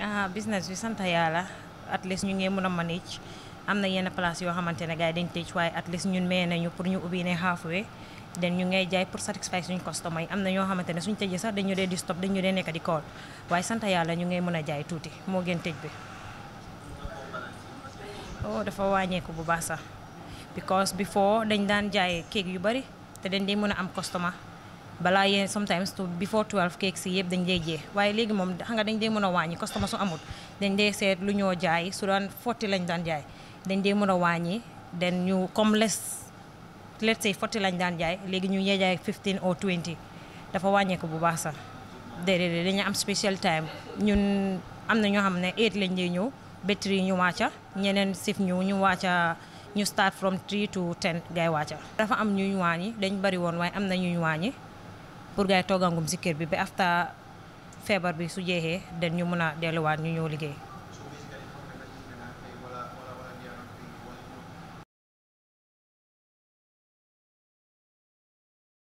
ah business bi sant yàlla at least ñu ngi mën a manage am na yenn place yoo xamante ne gars yi dañ tëj waaye at least ñun mee nañu pour ñu ubbi ne halfway den ñu ngay jaay pour satisfy suñ customer yi am na ñoo xamante ne suñ tëjee sax dañu dee di stop dañu dee nekk di call waaye sant yàlla ñu ngay mën a jaay tuuti moo gën tëj bi oh dafa wàññeeku bu baax sax because before dañ daan jaay kéeg yu bari te dañ dee mën a am customer balaa yéen sometimes to before 12 cakes yi yëpp dañ dee jeex waaye léegi moom xam nga dañ dee mën a wàññi customer su amul dañ dee seet lu ñoo jaay su daan forty lañ daan jaay dañ dee mën a wàññi den ñu comme les let's say forty lañ daan léegi ñu ñee jaay 15 or 20 dafa wàññeeku bu baax sax déedéet dañu am special time ñun am na ñoo xam ne lañ dee ñëw ba 3 ñu wàcca ñeneen sif ñu ñu wàcca ñu start from 3 to 10 gaay wàcca dafa am ñu ñuñ yi dañ bari woon waaye am na ñuñ wàññi pour gaay yi toogangum si kër bi ba afta feebar bi su jeexee dañu mun a delluwaat ñu ñëw liggéey.